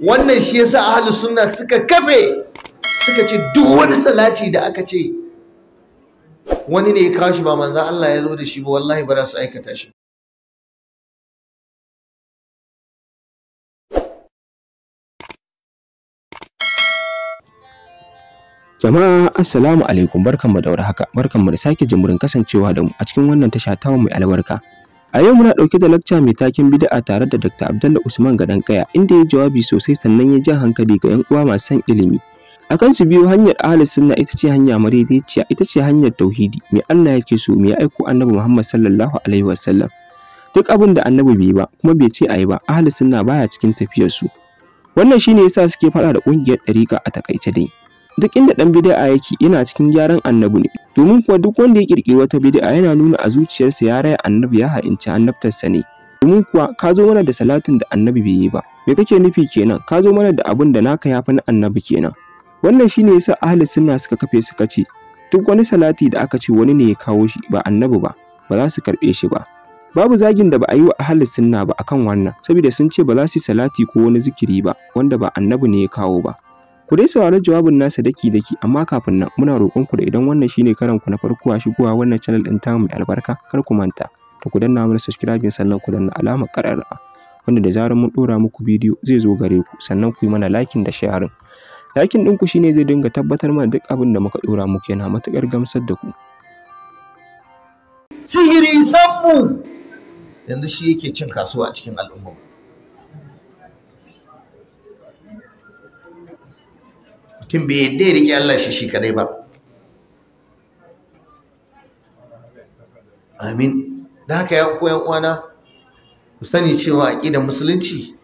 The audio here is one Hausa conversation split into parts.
wannan shi yasa ahlus sunna suka kafe suka ce duk wani salati da aka ce wani ne ya kawo shi ba manzon Allah ya zo da shi ba wallahi ba za su aikata shi Jama'a assalamu alaikum barkanmu da warhaka barkanmu da sake jimurin kasancewa da mu a cikin wannan tasha ta mai albarka A yau muna ɗauke da lakca mai taken bid'a tare da Dr. Abdullah Usman Gadankaya inda ya jawabi sosai sannan ya ji hankali ga 'yan uwa masu son ilimi. Akan su biyo hanyar Ahlus Sunna ita ce hanya madaidaiciya ita ce hanyar tauhidi mai Allah yake so mai aiko Annabi Muhammad sallallahu alaihi wasallam. Duk abin da Annabi bai ba kuma bai ce ayi ba Ahlus Sunna baya cikin tafiyar su. Wannan shine yasa suke faɗa da ƙungiyar ɗarika a takaice dai. Duk inda ɗan bid'a yake yana cikin gyaran Annabi ne. domin kuwa duk wanda ya ƙirƙiri wata bid'a yana nuna a zuciyarsa ya raya annabi ya ha'inci annabtarsa ne domin kuwa ka zo mana da salatin da annabi bai yi ba me kake nufi kenan ka zo mana da abin da naka ya fi na annabi kenan wannan shine yasa ahli sunna suka kafe suka ce duk wani salati da aka ce wani ne ya kawo shi ba annabi ba ba za su karɓe shi ba babu zagin da ba a yi wa ahli sunna ba akan wannan saboda sun ce ba za su yi salati ko wani zikiri ba wanda ba annabi ne ya kawo ba Ku dai saurari jawabin nasa daki-daki amma kafin nan muna roƙon ku da idan wannan shine karan ku na farko a shigowa wannan channel din ta mai albarka kar ku manta da ku danna mana subscribe sannan ku danna alamar ƙararrawa wanda da zarar mun dora muku bidiyo zai zo gare ku sannan ku yi mana liking da sharing. Liking ɗinku shine zai dinga tabbatar mana duk abin da muka dora muku yana matuƙar gamsar da ku. Sihiri sammu yanzu shi yake cin kasuwa a cikin al'umma. mutum bai yadda ya riƙe Allah shi shi kadai ba amin da haka ya koyan kwana ku sani cewa aƙidar musulunci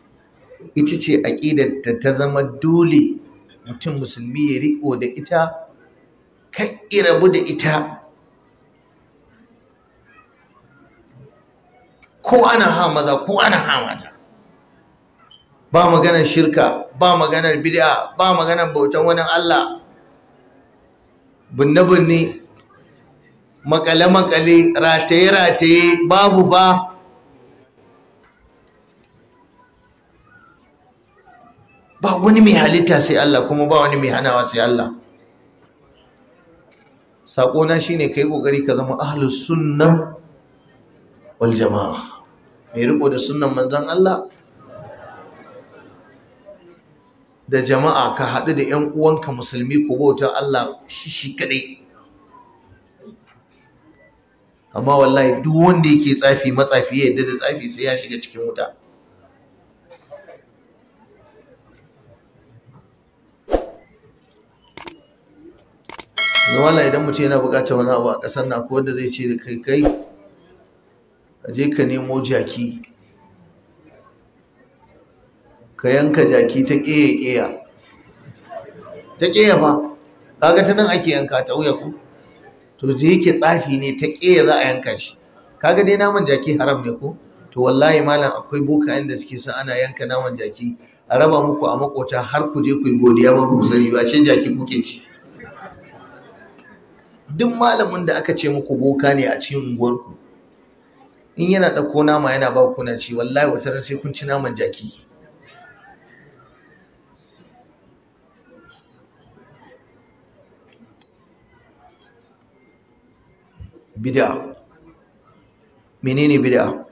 ita ce aƙidar da ta zama dole mutum musulmi ya riƙo da ita kan irabu da ita ko ana hama za ko ana hama. ba maganar shirka ba maganar bid'a ba maganar bautan wani Allah binne-binne makale-makale rataye-rataye babu ba ba wani mai halitta sai Allah kuma ba wani mai hanawa sai Allah saƙona shi ne ka yi ƙoƙari ka zama ahalus sunnan wal mai riko da sunnan manzon Allah da jama'a ka haɗu da 'yan uwanka musulmi ko bautar Allah shi shi kaɗai amma wallahi duk wanda yake tsafi matsafi ya yadda da tsafi sai ya shiga cikin wuta Zama idan mutum yana buƙatar wani abu a ƙasar na ko zai ce da kai kai ka je ka nemo jaki ka yanka jaki ta ƙeya-ƙeya ta ƙeya ba kaga ta nan ake yanka ta wuya ku to je yake tsafi ne ta ƙeya za a yanka shi kaga dai naman jaki haram ne ko to wallahi malam akwai bokayen da suke sa ana yanka naman jaki a raba muku a makota har ku je ku godiya ma ku sani ba ce jaki kuke ci duk malamin da aka ce muku boka ne a cikin unguwarku in yana ɗauko nama yana ba ku na ci wallahi wata ran sai kun ci naman jaki bid'a menene bid'a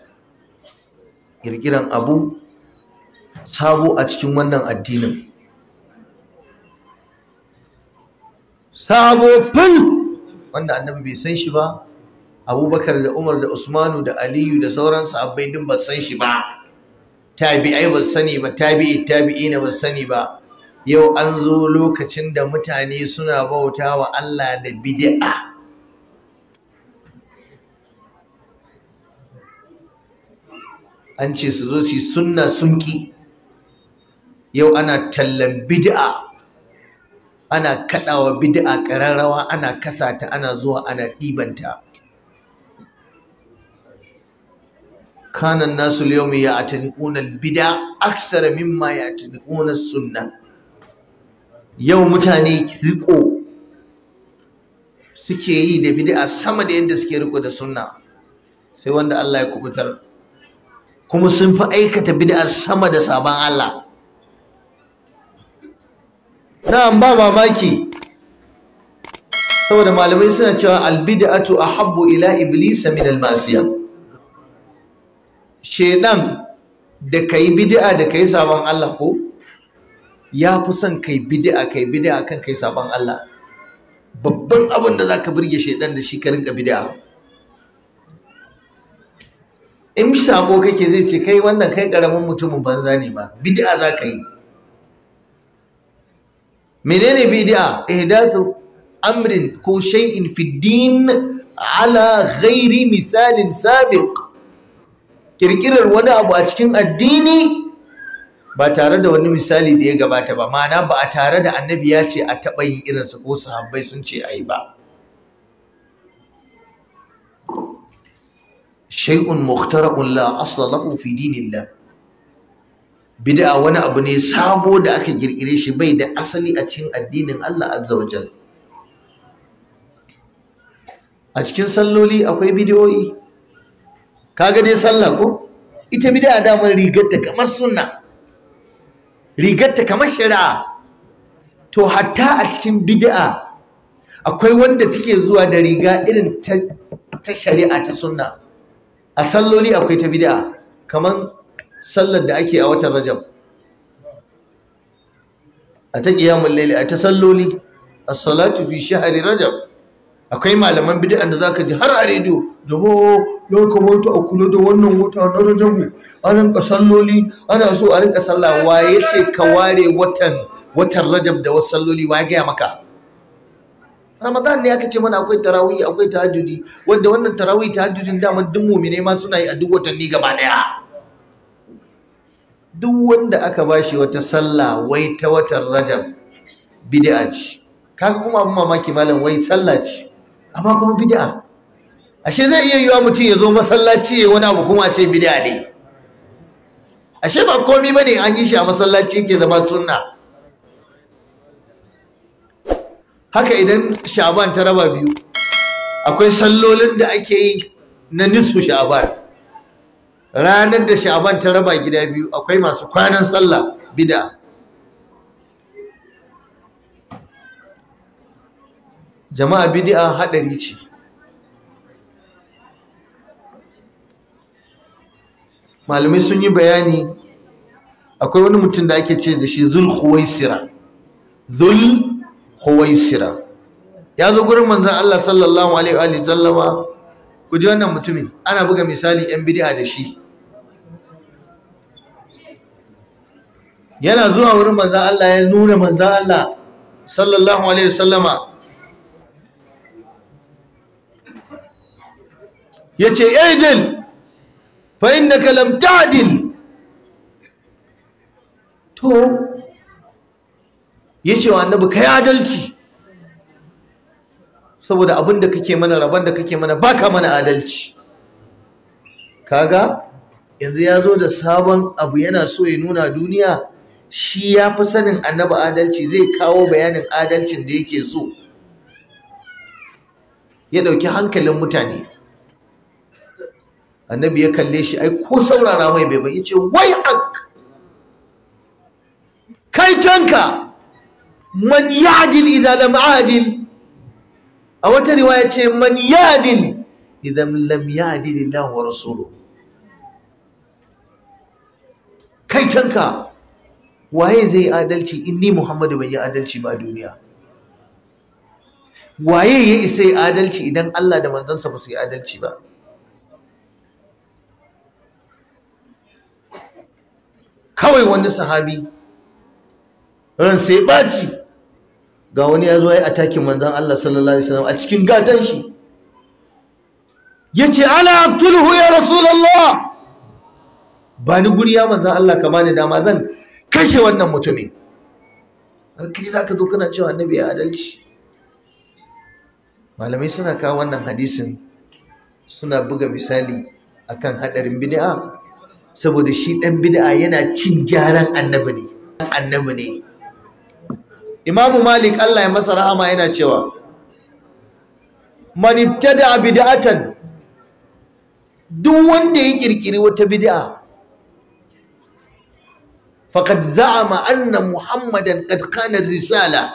kirkiran abu sabo a cikin wannan addinin sabo fil wanda annabi bai san shi ba abubakar da umar da usmanu da aliyu da sauran sahabbai din ba san shi ba tabi'ai ba sani ba tabi'i tabi'ina ba sani ba yau an zo lokacin da mutane suna bautawa Allah da bid'a an ce su zo su sunna sun yau ana tallan bid'a ana kaɗawa bid'a ƙararrawa ana kasata ana zuwa ana ɗibanta kanan nasu yau mai ya'atani'una bid'a aksara mimma ya'atani'una sunna yau mutane riko suke yi da bid'a sama da yadda suke riko da sunna sai wanda Allah ya kubutar kuma sun fi aikata bid'a sama da sabon Allah na'am ba mamaki saboda malamai suna cewa albid'atu ahabbu ila iblis min almasiya shedan da kai bid'a da kai sabon Allah ko ya fi son kai bid'a kai bid'a kan kai sabon Allah babban abin da zaka burge shedan da shi ka rinka bid'a in sako kake zai ce kai wannan kai karamin mutumin banza ne ba bid'a za ka yi menene bid'a ihdathu amrin ko shay'in fi din ala ghairi misalin sabiq kirkirar wani abu a cikin addini ba tare da wani misali da ya gabata ba ma'ana ba a tare da annabi ya ce a taɓa yin irinsa ko sahabbai sun ce a yi ba Shai'un mukhtara'un la asla lahu fi dinillah bid'a wani abu ne sabo da aka girgire shi bai da asali a cikin addinin Allah azza wa jalla a cikin salloli akwai bidiyoyi kaga dai sallah ko ita bid'a damar rigarta kamar sunna rigarta kamar shari'a to hatta a cikin bid'a akwai wanda take zuwa da riga irin ta shari'a ta sunna a salloli akwai ta bid'a kamar sallar da ake a watan rajab a ta qiyamul layl a ta salloli as-salatu fi shahri rajab akwai malaman bid'an da ka ji har a rediyo jamo ya kamata a kula da wannan wata na rajabu a rinka salloli ana so a rinka sallah waye ce ka ware watan watan rajab da wasu salloli waye gaya maka ramadan ne aka ce mana akwai tarawih akwai tahajjudi wanda wannan tarawih tahajjudin dama duk mu'mine ma suna yi a duk watanni gaba daya duk wanda aka bashi wata sallah wai ta watan rajab bid'a ce kaga kuma abin mamaki malam wai sallah ce amma kuma bid'a ashe zai iya yiwa mutum ya zo masallaci ya wani abu kuma ce bid'a ne ashe ba komi bane an yi shi a masallaci yake zama sunna haka idan sha'aban ta raba biyu akwai sallolin da ake yi na nisfu sha'ban ranar da sha'aban ta raba gida biyu akwai masu kwanan sallah bida jama'a bidi'a haɗari ce malamai sun yi bayani akwai wani mutum da ake ce da shi zulhuwaisira zul sira. ya zo gurin manzan Allah sallallahu alaihi wa sallama ku ji wannan mutumin ana buga misali yan bid'a da shi yana zuwa wurin manzon Allah ya nuna manzan Allah sallallahu alaihi wa sallama yace aidil fa innaka lam ta'dil to ya ce wa annabi kai adalci saboda abin da kake mana rabon da kake mana baka mana adalci kaga yanzu ya zo da sabon abu yana so ya nuna duniya shi ya fi sanin annabi adalci zai kawo bayanin adalcin da yake so ya ɗauki hankalin mutane annabi ya kalle shi ai ko saurara mai bai bai ce wai ak kai tanka man ya'dil idza adil a wata riwaya ce man ya'dil idan lam ya'dil Allah wa kai canka waye zai adalci inni Muhammadu bai yi adalci ba a duniya waye ya isa yi adalci idan Allah da manzansa ba su yi adalci ba kawai wani sahabi ran sai baci ga wani ya zo ya atakin manzan Allah sallallahu alaihi wasallam a cikin gatan shi yace ana abtulhu ya rasulullah ba ni guri ya manzan Allah kama ne dama zan kashe wannan mutumin har za zaka zo kana cewa annabi ya adalci malamai suna kawo wannan hadisin suna buga misali akan hadarin bid'a saboda shi dan bid'a yana cin gyaran annabi ne annabi ne imamu malik Allah ya masa rahama yana cewa man ibtada bid'atan duk wanda ya kirkiri wata bid'a faqad za'ama anna muhammadan qad kana risala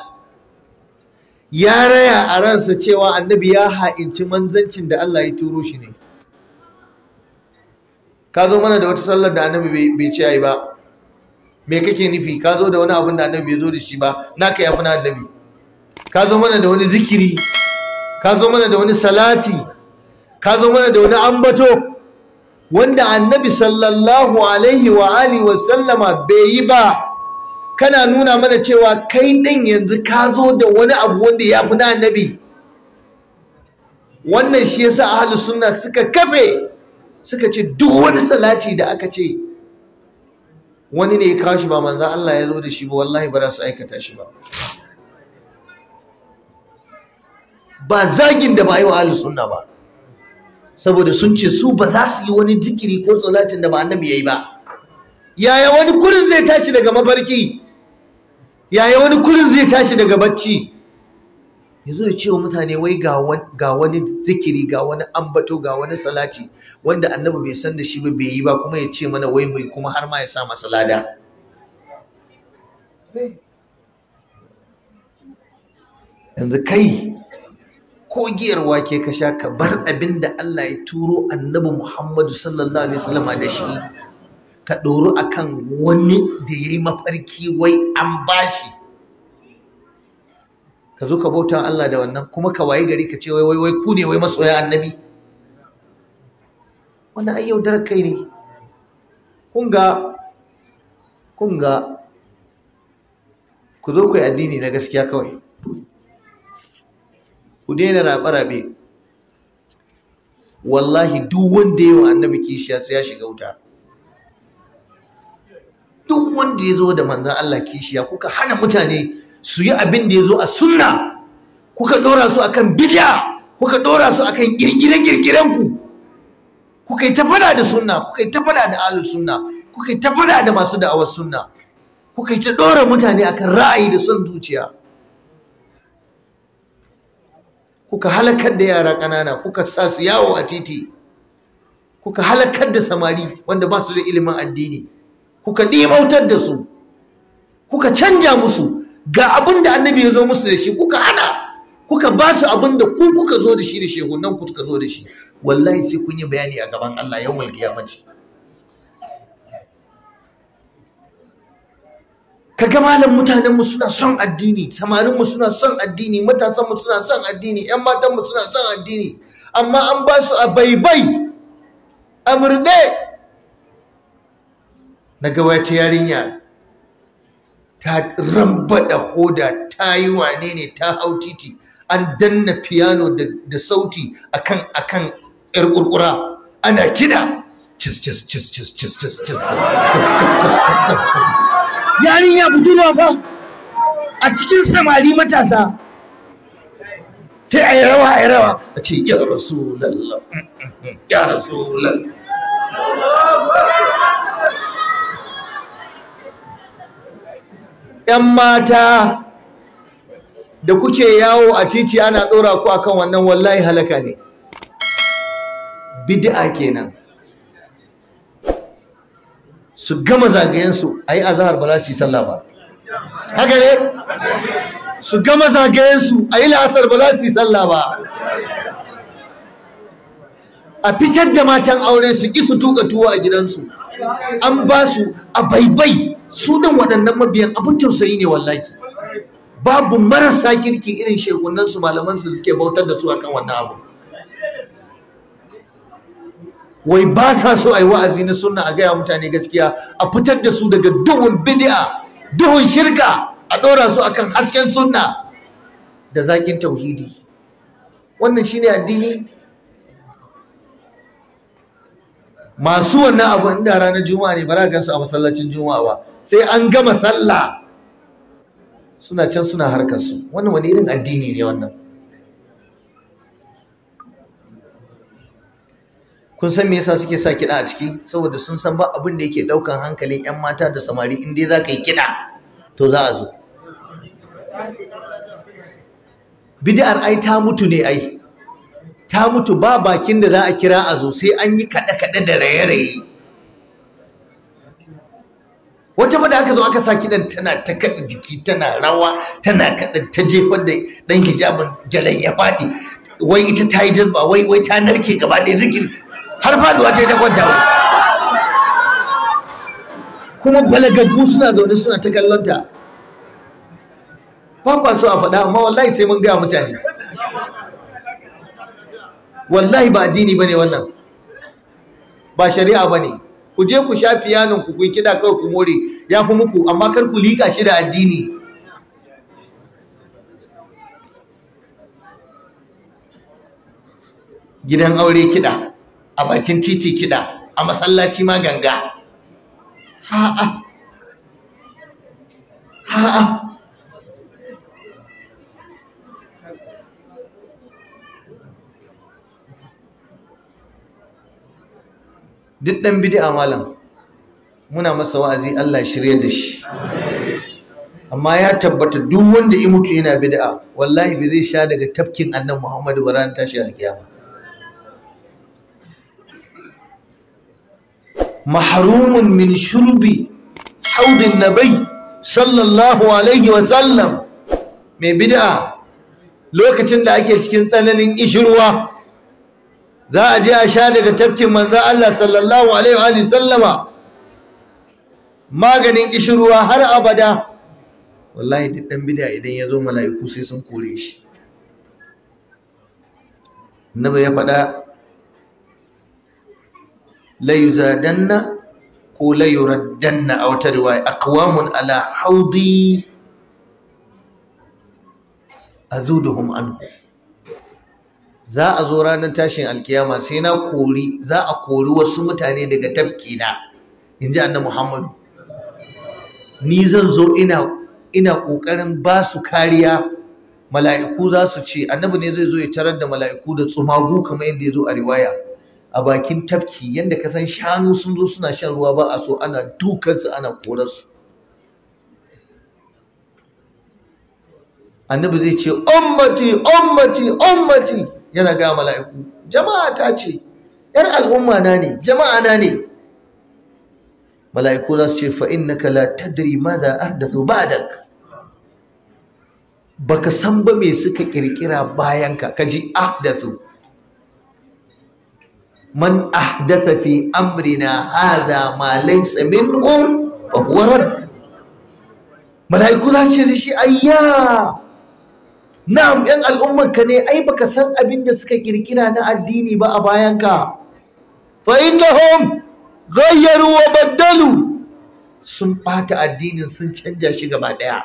ya raya a ransa cewa annabi ya ha'inci manzancin da Allah ya turo shi ne ka zo mana da wata sallar da annabi bai ciyayi ba me kake nufi ka zo da wani abin da annabi ya zo da shi ba naka fi na annabi ka zo mana da wani zikiri ka zo mana da wani salati ka zo mana da wani ambato wanda annabi sallallahu alaihi wa alihi wa sallama bai yi ba kana nuna mana cewa kai din yanzu ka zo da wani abu wanda ya fi na annabi wannan shi yasa ahlus sunna suka kafe suka ce duk wani salati da aka ce wani ne ya kawo shi ba manza Allah ya zo da shi ba wallahi ba za su aikata shi ba ba zagin da ba yi wa ahli sunna ba saboda sun ce su ba za su yi wani jikiri ko salatin da ba annabi yi ba yaya wani kurin zai tashi daga mafarki yaya wani kurin zai tashi daga bacci ya zo ya ce wa mutane wai ga wani zikiri ga wani ambato ga wani salati wanda annabi bai san da shi ba bai yi ba kuma ya ce mana wai mai kuma har ma ya sa masa lada yanzu kai ko giyar wake ka sha ka bar abin da Allah ya turo annabi Muhammadu sallallahu alaihi wasallama da shi ka ɗoru akan wani da ya yi mafarki wai an bashi ka zo ka bauta Allah da wannan kuma ka waye gari ka ce wai wai ku ne wai masoya annabi wannan ai yaudarar kai ne kun ga kun ga ku zo ku yi addini na gaskiya kawai ku daina rabe-rabe wallahi duk wanda ya annabi kishiya sai ya shiga wuta duk wanda ya zo da manzan Allah kishiya kuka hana mutane su yi abin da ya zo a sunna kuka ɗora su akan bid'a kuka ɗora su akan girgire-girgiren ku kuka yi ta da sunna kuka yi ta da ahlus sunna kuka yi ta da masu da'awar sunna kuka yi ta ɗora mutane akan ra'ayi da son zuciya kuka halakar da yara ƙanana kuka sa su yawo a titi kuka halakar da samari wanda ba su da ilimin addini kuka ɗimautar da su kuka canja musu ga abin da annabi ya zo musu da shi kuka hana kuka ba su abin da ku kuka zo da shi da shehunan ku kuka zo da shi wallahi sai kun yi bayani a gaban Allah yau ya kiyamaci ka ga malam mutanen mu suna son addini samarin mu suna son addini matasan mu suna son addini yan matan mu suna son addini amma an ba su a baibai a murde na ga wata yarinya ta rambada hoda ta yi wane ne ta hau titi an danna piano da sauti akan akan yar kurkura ana kida cis cis cis cis cis cis cis yarinya na ba a cikin samari matasa sai a yi rawa a yi rawa a ce ya rasu lalla ya rasu lalla ‘yan mata da kuke yawo a titi ana ɗora ku akan wannan wallahi halaka ne bid'a kenan su gama zagayensu a yi azahar ba za su yi sallah ba haka ne su gama zagayensu a yi la'asar ba za su yi sallah ba a fitar da matan aure su ƙi su tuka tuwo a gidansu an ba su a baibai su waɗannan mabiyan abin tausayi ne wallahi babu marasa kirki irin shekunan su malaman su suke bautar da su akan wannan abu wai ba sa so a yi wa'azi na sunna a gaya mutane gaskiya a fitar da su daga duhun bidi'a duhun shirka a ɗora su akan hasken sunna da zakin tauhidi wannan shine addini masu wannan abu inda ranar juma'a ne ba za gansu a masallacin juma'a ba sai an gama sallah suna can suna harkarsu wannan wani irin addini ne wannan kun san me yasa suke sa kiɗa a ciki saboda sun san ba abin da yake ɗaukan hankalin 'yan mata da samari in dai za ka yi kiɗa to za a zo bid'ar ai ta mutu ne ai ta mutu ba bakin da za a kira a zo sai an yi kaɗe-kaɗe da raye-raye wata fa da aka zo aka sa kidan tana ta kada jiki tana rawa tana kada ta jefar da dan hijabin jalan ya fadi wai ita ta yi jazba wai wai ta narke gaba ɗaya zikir har faduwa ta yi ta kwanta wa kuma balagaggu suna zaune suna ta kallon ta ba kwa so a faɗa amma wallahi sai mun gaya mutane wallahi ba addini bane wannan ba shari'a bane ku je ku sha fiyanon ku kuyi kiɗa kawai ku more ya fi muku amma kar ku liƙa shi da addini gidan aure kiɗa a bakin titi kiɗa a masallaci ma ganga ha'a ha'a duk ɗan bid'a malam muna masa wa'azi Allah shirya da shi amma ya tabbata duk wanda ya mutu yana bid'a wallahi ba zai sha daga tafkin annan Muhammadu ba ranar tashi alkiyama mahrumun min shurbi haudin nabai sallallahu alaihi wa sallam mai bid'a lokacin da ake cikin tsananin ishirwa za a je a sha daga tafkin manzan Allah sallallahu alaihi sallama maganin kishirwa har abada wallahi duk dan bid'a idan ya zo mala'iku sai sun kore shi annabi ya faɗa la ko la yuraddanna a wata riwaya aqwamun ala haudi azuduhum anhu za a zo ranar tashin alkiyama sai na kori za a kori wasu mutane daga na, in ji annan muhammadu ni zan zo ina ina kokarin ba su kariya mala'iku za su ce annabi ne zai zo ya tarar da mala'iku da tsumagu kamar yadda ya zo a riwaya a bakin tafki yadda ka san shanu sun zo suna shan ruwa ba a so ana dukansu ana korarsu annabi zai ce ummati ummati ummati yana ga mala'iku jama'a ta ce yar al'umma na ne jama'a na ne mala'iku za su ce fa'in na kala fa innaka la tadri ba dak. Ba ka san ba me suka kirkira bayanka kaji ahdathu man ahdatha fi amrina hadha ma laysa minhum fa huwa rad mala'iku za su ce da shi ayya na'am yan ka ne ai baka san abin da suka kirkira na addini ba a bayan ka. fa innahum ghayyaru wa baddalu sun bata addinin sun canja shi gaba daya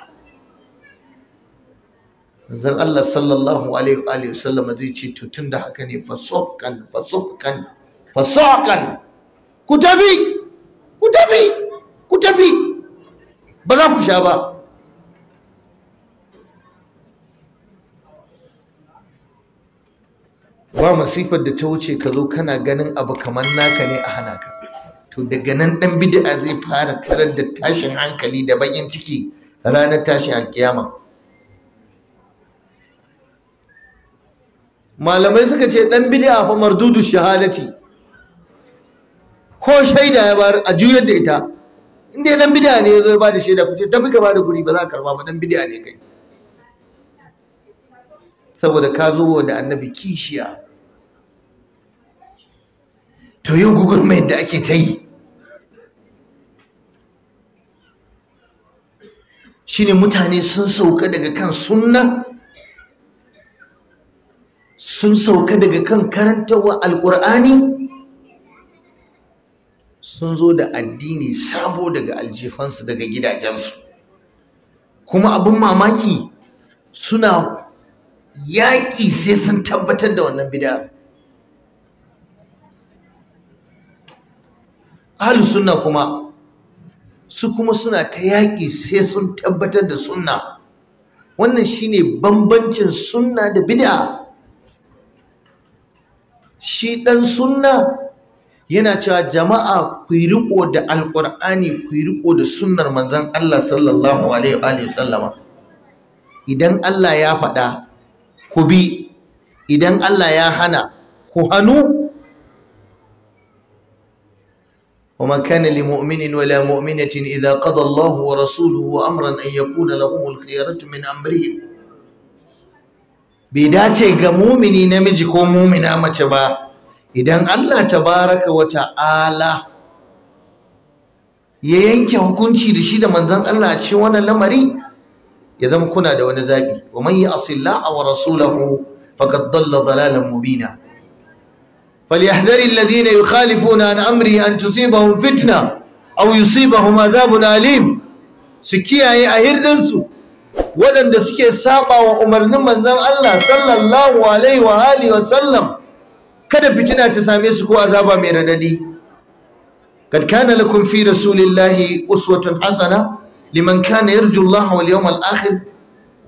zan Allah sallallahu alaihi wa sallam zai ce to tunda haka ne fasofkan fasofkan fasofkan ku tafi ku tafi ku tafi ba za ku sha ba ba masifar da ta wuce ka zo kana ganin abu kamar naka ne a hana ka to daga nan dan bid'a zai fara tarar da tashin hankali da bakin ciki ranar tashin kiyama malamai suka ce dan bid'a fa mardudu shahadati ko shaida ya bar a juyar da ita inda dan bid'a ne zai ba da shaida ku ce tafi ka ba da guri ba za ka karba ba dan bid'a ne kai saboda ka zo da annabi kishiya to yau gugurmayar da ake ta yi shine mutane sun sauka daga kan sunna sun sauka daga kan karantawa alkur'ani sun zo da addini sabo daga aljifansu daga gidajensu kuma abin mamaki suna yaƙi sai sun tabbatar da wannan bid'a ahalus sunna kuma su kuma suna ta yaƙi sai sun tabbatar da sunna wannan shine bambancin sunna da bid'a shi ɗan sunna yana cewa jama'a ku yi riko da alƙur'ani ku yi riko da sunnar manzon Allah sallallahu alaihi wa sallama idan Allah ya faɗa ku bi idan Allah ya hana ku hanu وما كان لمؤمن ولا مؤمنة إذا قضى الله ورسوله أمرا أن يكون لهم الخيارة من أمرهم بداية مؤمني نمجك مؤمن أما تبا إذن الله تبارك وتعالى ya yanke hukunci da shi da manzon Allah a cikin wannan lamari ya zama kuna da wani zabi wa man ya'si Allah wa rasulahu faqad dalalin mubina فليحذر الذين يخالفون عن أمره أن تصيبهم فتنة أو يصيبهم عذاب أليم سكيا أهردنسو ودن دسكي ساقا وعمر نمان نم الله صلى الله عليه وآله وسلم kada fitina ta same su ko azaba mai radadi kad kana lakum fi rasulillahi uswatun hasana liman kana yarju Allah wal yawm al akhir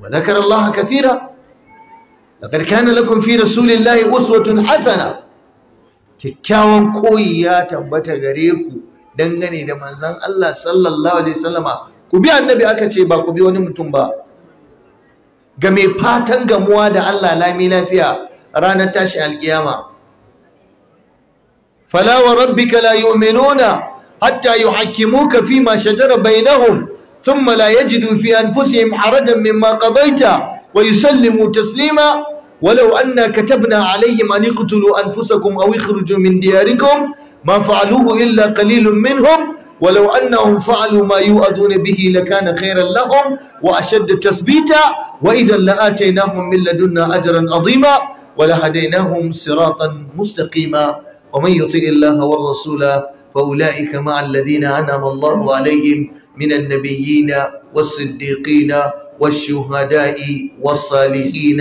wa dhakara Allah kathira laqad kana lakum fi rasulillahi uswatun hasana kyakkyawan koyi ya tabbata gare ku dangane da manzon Allah sallallahu alaihi sallama. ku bi annabi aka ce ba ku bi wani mutum ba ga mai fatan gamuwa da Allah lami lafiya ranar tashi alkiyama falawa wa rabbika la yu'minuna hatta yuhakkimuka fima shajara bainahum thumma la yajidu fi anfusihim harajan mimma qadaita wa yusallimu taslima ولو أن كتبنا عليهم أن يقتلوا أنفسكم أو يخرجوا من دياركم ما فعلوه إلا قليل منهم ولو أنهم فعلوا ما يؤذون به لكان خيرا لهم وأشد تثبيتا وإذا لآتيناهم من لدنا أجرا عظيما ولهديناهم صراطا مستقيما ومن يطيع الله والرسول فأولئك مع الذين أنعم الله عليهم من النبيين والصديقين والشهداء والصالحين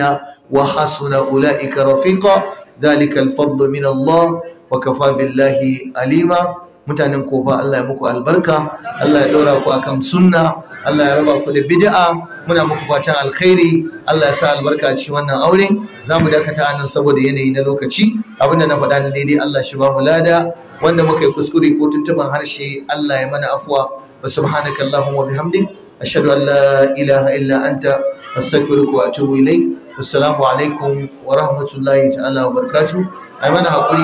وحسن أولئك رفيقا ذلك الفضل من الله وكفى بالله أليما mutanen kofa Allah ya muku albarka Allah ya dora ku akan sunna Allah ya raba ku da bid'a muna muku fatan alkhairi Allah ya sa albarka cikin wannan aure za mu dakata a nan saboda yanayi na lokaci abinda na faɗa na daidai Allah shi ba mu lada wanda muka yi kuskure ko tuntuban harshe Allah ya mana afuwa wa subhanakallahumma wa bihamdika ashhadu an la ilaha illa anta astaghfiruka wa atubu ilaik alaikum wa rahmatullahi ta'ala wa barakatuh ai mana hakuri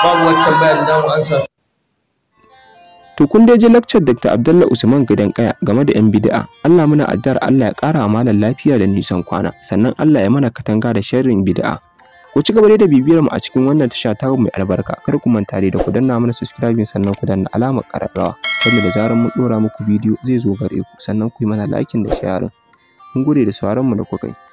babu wata tambaya da zamu ansa To kun dai ji lakcar Dr. Abdullah Usman Gidan Kaya game da 'yan bida'a, Allah muna addu'ar Allah ya ƙara malam lafiya da nisan kwana, sannan Allah ya mana katanga da sharrin bida'a. Ku ci gaba da bibiyar mu a cikin wannan tasha ta mai albarka. Kar ku manta da ku danna mana subscribe sannan ku danna alamar ƙararrawa. Wanda da zarar mun dora muku bidiyo zai zo gare ku sannan ku yi mana liking da sharing. Mun gode da sauraron mu da kuka yi.